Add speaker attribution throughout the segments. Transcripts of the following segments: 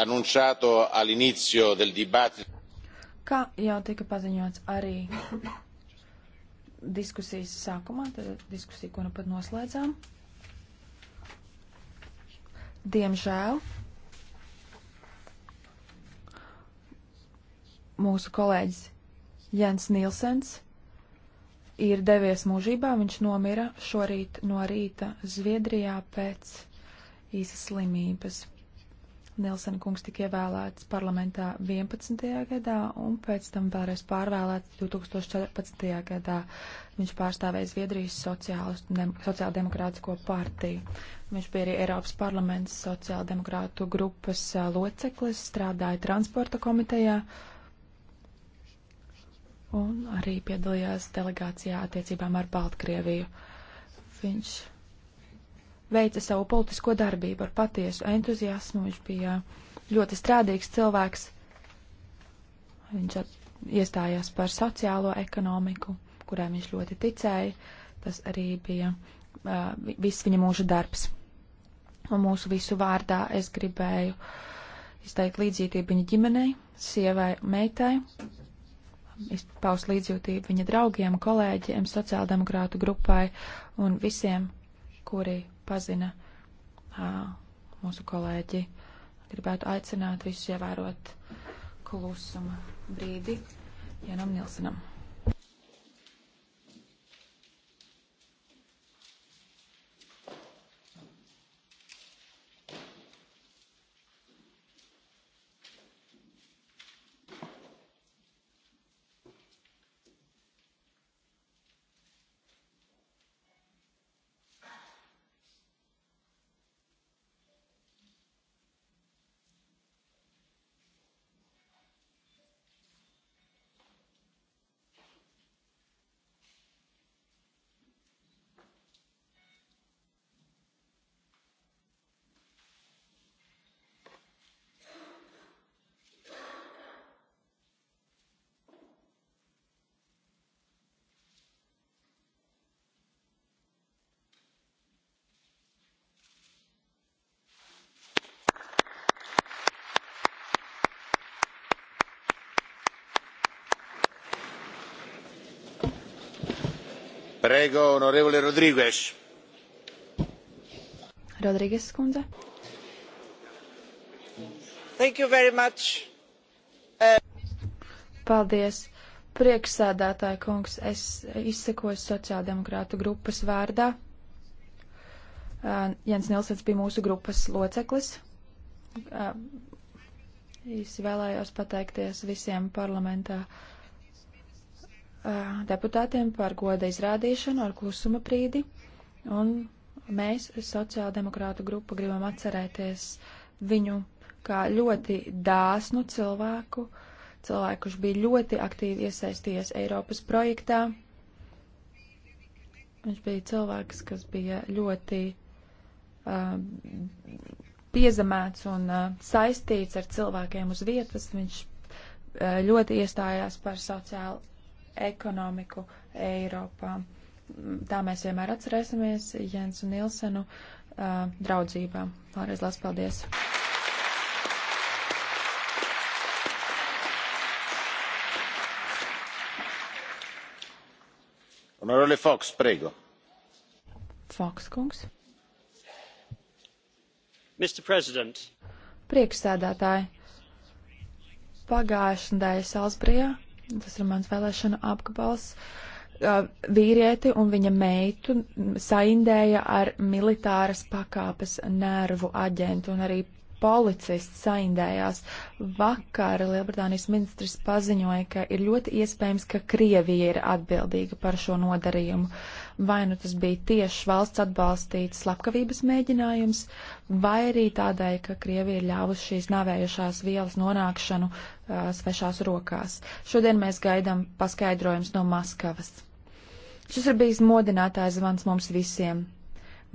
Speaker 1: annunciato all'inizio del dibattito.
Speaker 2: Kā jau tika paziņots arī diskusijas sākumā, tad diskusija, ko nu pat noslēdzām. Diemžēl mūsu kolēģis Jens Nilsens ir devies mūžībā. Viņš nomira šorīt no rīta Zviedrijā pēc īsas slimības. Nelsena kungs tika ievēlēts parlamentā 11. gadā un pēc tam vēlreiz pārvēlēts 2014. gadā. Viņš pārstāvēja Zviedrijas sociāldemokrātisko partiju. Viņš bija arī Eiropas parlaments sociāldemokrātu grupas loceklis, strādāja transporta komitejā un arī piedalījās delegācijā attiecībām ar Baltkrieviju. Viņš veica savu politisko darbību ar patiesu entuziasmu. Viņš bija ļoti strādīgs cilvēks. Viņš iestājās par sociālo ekonomiku, kurai viņš ļoti ticēja. Tas arī bija uh, viss viņa mūža darbs. Un mūsu visu vārdā es gribēju izteikt līdzjūtību viņa ģimenei, sievai, meitai, izpaust līdzjūtību viņa draugiem, kolēģiem, sociāldemokrātu grupai un visiem, kuri pazina mūsu kolēģi. Gribētu aicināt visus ievērot klusuma brīdi Janam Nilsenam.
Speaker 1: Prego, onorevole Rodriguez.
Speaker 2: Rodriguez, skundze.
Speaker 1: Thank you very much. Uh...
Speaker 2: Paldies. Prieksēdētāja kungs, es izsekoju sociāldemokrātu grupas vārdā. Uh, Jens Nilsens bija mūsu grupas loceklis. Uh, īsi vēlējos pateikties visiem parlamentā uh, deputātiem par goda izrādīšanu ar klusuma brīdi, un mēs, sociāldemokrātu grupa, gribam atcerēties viņu kā ļoti dāsnu cilvēku, cilvēku, kurš bija ļoti aktīvi iesaistījies Eiropas projektā. Viņš bija cilvēks, kas bija ļoti uh, piezemēts un uh, saistīts ar cilvēkiem uz vietas. Viņš uh, ļoti iestājās par sociālu ekonomiku Eiropā. Tā mēs vienmēr atcerēsimies Jensu Nilsenu uh, draudzībā. Vēlreiz lās paldies!
Speaker 1: Honorable Fox, prego.
Speaker 2: Fox, kungs.
Speaker 1: Mr. President.
Speaker 2: Priekšsēdētāji. Pagājušajā nedēļā Salzbrijā tas ir mans vēlēšana apgabals, vīrieti un viņa meitu saindēja ar militāras pakāpes nervu aģentu un arī policists saindējās. Vakar Lielbritānijas ministrs paziņoja, ka ir ļoti iespējams, ka Krievija ir atbildīga par šo nodarījumu. Uh, Vai nu tas bija tieši valsts atbalstīts slepkavības mēģinājums, vai arī tādēļ, ka Krievija ir ļāvusi šīs navējušās vielas nonākšanu uh, svešās rokās. Šodien mēs gaidām paskaidrojums no Maskavas. Šis ir bijis modinātājs zvans mums visiem.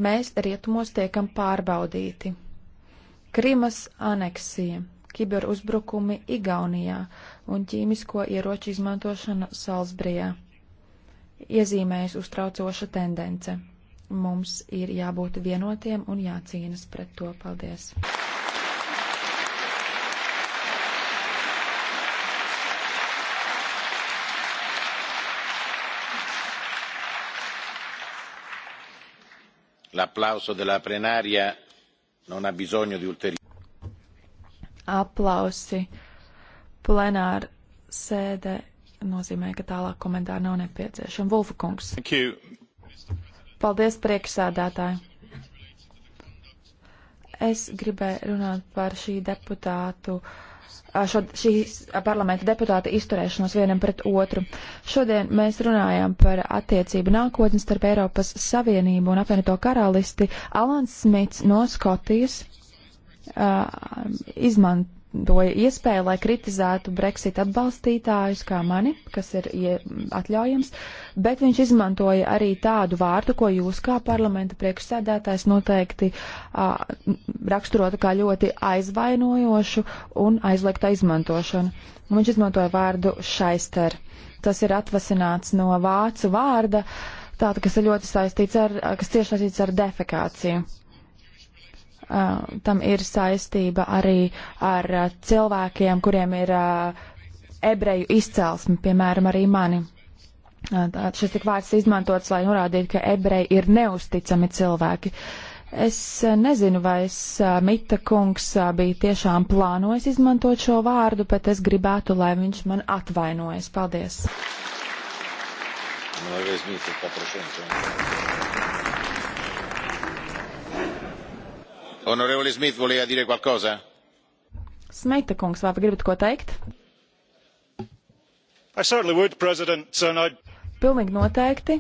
Speaker 2: Mēs rietumos tiekam pārbaudīti. Krimas aneksija, kiberuzbrukumi Igaunijā un ķīmisko ieroču izmantošana Salzbrijā iezīmējas uztraucoša tendence. Mums ir jābūt vienotiem un jācīnas pret to. Paldies!
Speaker 1: L'applauso della plenaria non ha bisogno di ulteriori.
Speaker 2: Applausi. Plenāra sēde nozīmē, ka tālāk komentāri nav nepieciešami. Vulfa kungs. Paldies, priekšsēdētāji. Es gribēju runāt par šī deputātu, šo, šīs parlamenta deputāta izturēšanos vienam pret otru. Šodien mēs runājām par attiecību nākotni starp Eiropas Savienību un apvienoto karalisti. Alans Smits no Skotijas uh, izmantoja izmantoja iespēju, lai kritizētu Brexit atbalstītājus kā mani, kas ir atļaujams, bet viņš izmantoja arī tādu vārdu, ko jūs kā parlamenta priekšsēdētājs noteikti uh, raksturotu kā ļoti aizvainojošu un aizliegtu izmantošanu. Un viņš izmantoja vārdu šaister. Tas ir atvasināts no vācu vārda, tāda, kas ir ļoti saistīts ar, kas tieši saistīts ar defekāciju. Uh, tam ir saistība arī ar uh, cilvēkiem, kuriem ir uh, ebreju izcelsme, piemēram, arī mani. Uh, Tātad šis tik vārds izmantots, lai norādītu, ka ebreji ir neusticami cilvēki. Es uh, nezinu, vai es, uh, Mita kungs bija tiešām plānojis izmantot šo vārdu, bet es gribētu, lai viņš man atvainojas. Paldies!
Speaker 1: Nākamais mīts ir paprašanas. Honorevole Smith, volējā dire qualcosa?
Speaker 2: Smita kungs, vai gribat ko teikt?
Speaker 1: I certainly would, President, and I...
Speaker 2: Pilnīgi noteikti.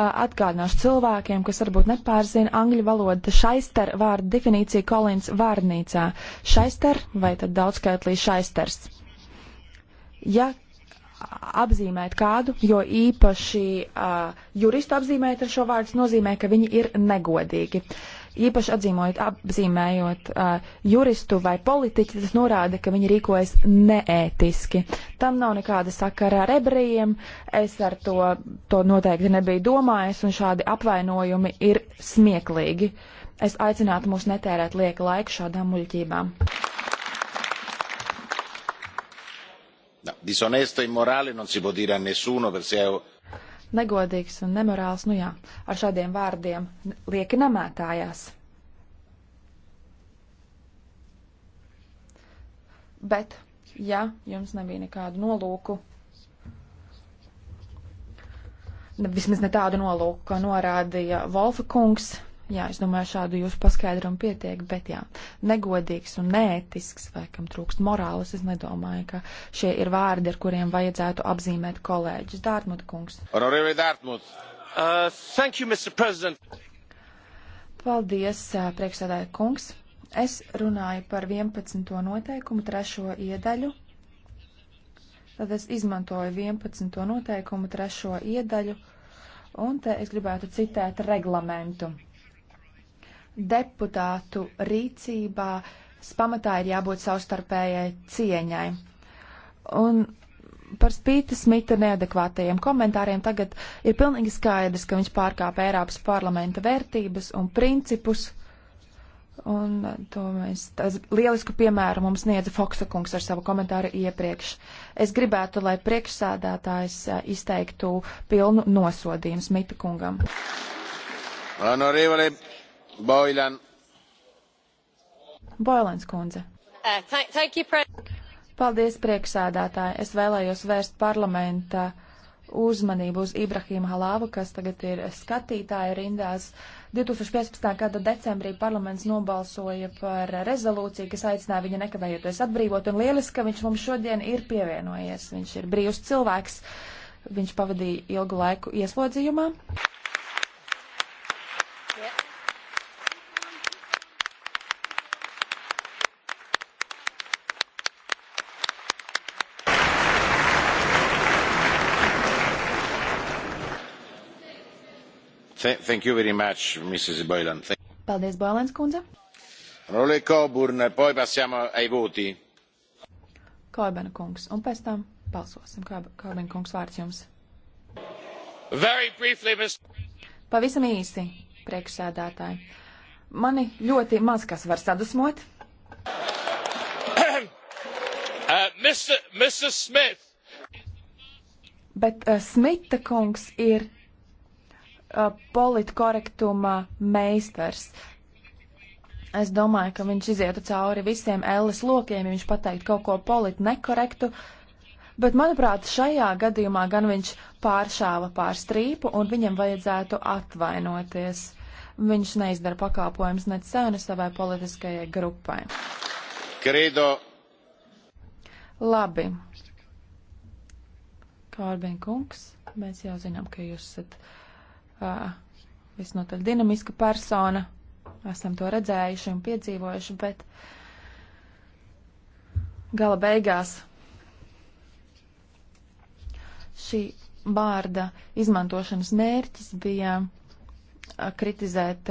Speaker 2: Atgādināšu cilvēkiem, kas varbūt nepārzina angļu valodu, šaister vārdu definīcija Kolins vārnīcā. Šaister vai tad daudzskaitlī šaisters. Ja apzīmēt kādu, jo īpaši uh, juristu apzīmēt ar šo vārdu nozīmē, ka viņi ir negodīgi. Uh, īpaši atzīmojot, apzīmējot uh, juristu vai politiķi, tas norāda, ka viņi rīkojas neētiski. Tam nav nekāda sakara ar ebrejiem, es ar to, to noteikti nebiju domājis, un šādi apvainojumi ir smieklīgi. Es aicinātu mūs netērēt lieka laiku šādām muļķībām.
Speaker 1: No, disonesto immorale non si può dire a nessuno per se
Speaker 2: negodīgs un nemorāls, nu jā, ar šādiem vārdiem lieki namētājās. Bet, ja jums nebija nekādu nolūku, vismaz ne tādu nolūku, kā norādīja Volfa kungs, Jā, es domāju, šādu jūsu paskaidrojumu pietiek, bet jā, negodīgs un neētisks, vai kam trūkst morāles, es nedomāju, ka šie ir vārdi, ar kuriem vajadzētu apzīmēt kolēģis Dārtmut kungs.
Speaker 1: Honorēvi Dārtmut. Uh, thank you, Mr. President.
Speaker 2: Paldies, uh, priekšsēdāja kungs. Es runāju par 11. noteikumu, trešo iedaļu. Tad es izmantoju 11. noteikumu, trešo iedaļu, un te es gribētu citēt reglamentu deputātu rīcībā pamatā ir jābūt savstarpējai cieņai. Un par spīti Smita neadekvātajiem komentāriem tagad ir pilnīgi skaidrs, ka viņš pārkāpa Eiropas parlamenta vērtības un principus. Un to mēs, tas lielisku piemēru mums sniedza Foksa kungs ar savu komentāru iepriekš. Es gribētu, lai priekšsādātājs eh, izteiktu pilnu nosodījumu Smita kungam.
Speaker 1: Honorevole Boilan.
Speaker 2: Boilans kundze. Uh, Paldies, priekšsēdētāji. Es vēlējos vērst parlamenta uzmanību uz Ibrahīmu Halāvu, kas tagad ir skatītāja rindās. 2015. gada decembrī parlaments nobalsoja par rezolūciju, kas aicināja viņu nekavējoties atbrīvot, un lieliski, ka viņš mums šodien ir pievienojies. Viņš ir brīvs cilvēks, viņš pavadīja ilgu laiku ieslodzījumā.
Speaker 1: Thank you very much, Mrs. Boylan.
Speaker 2: Paldies, Boilens kundze.
Speaker 1: Role Coburn, poi passiamo ai voti.
Speaker 2: Korbena kungs, un pēc tam balsosim. Korbena kungs, vārds jums.
Speaker 1: Very briefly, Mr.
Speaker 2: Pavisam īsi, priekšsēdētāji. Mani ļoti maz kas var sadusmot.
Speaker 1: Uh, Mr. Mr. Smith.
Speaker 2: Bet uh, Smita kungs ir Uh, politkorektuma meistars. Es domāju, ka viņš izietu cauri visiem ēles lokiem, ja viņš pateiktu kaut ko politi nekorektu, bet, manuprāt, šajā gadījumā gan viņš pāršāva pār strīpu un viņam vajadzētu atvainoties. Viņš neizdara pakāpojums ne sev, ne savai politiskajai grupai. Credo. Labi. Kārbien kungs, mēs jau zinām, ka jūs esat. Uh, visnotaļ dinamiska persona. Esam to redzējuši un piedzīvojuši, bet gala beigās šī vārda izmantošanas mērķis bija kritizēt,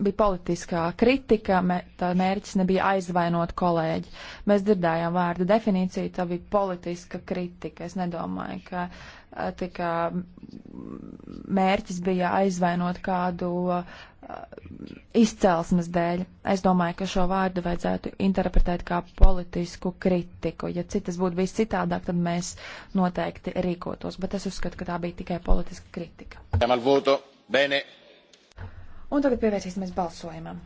Speaker 2: bija politiskā kritika, mē, tā mērķis nebija aizvainot kolēģi. Mēs dzirdējām vārdu definīciju, tā bija politiska kritika. Es nedomāju, ka tika, mērķis bija aizvainot kādu izcelsmes dēļ. Es domāju, ka šo vārdu vajadzētu interpretēt kā politisku kritiku. Ja citas būtu bijis citādāk, tad mēs noteikti rīkotos. Bet es uzskatu, ka tā bija tikai politiska kritika. Bene. Un tagad pievērsīsimies balsojumam.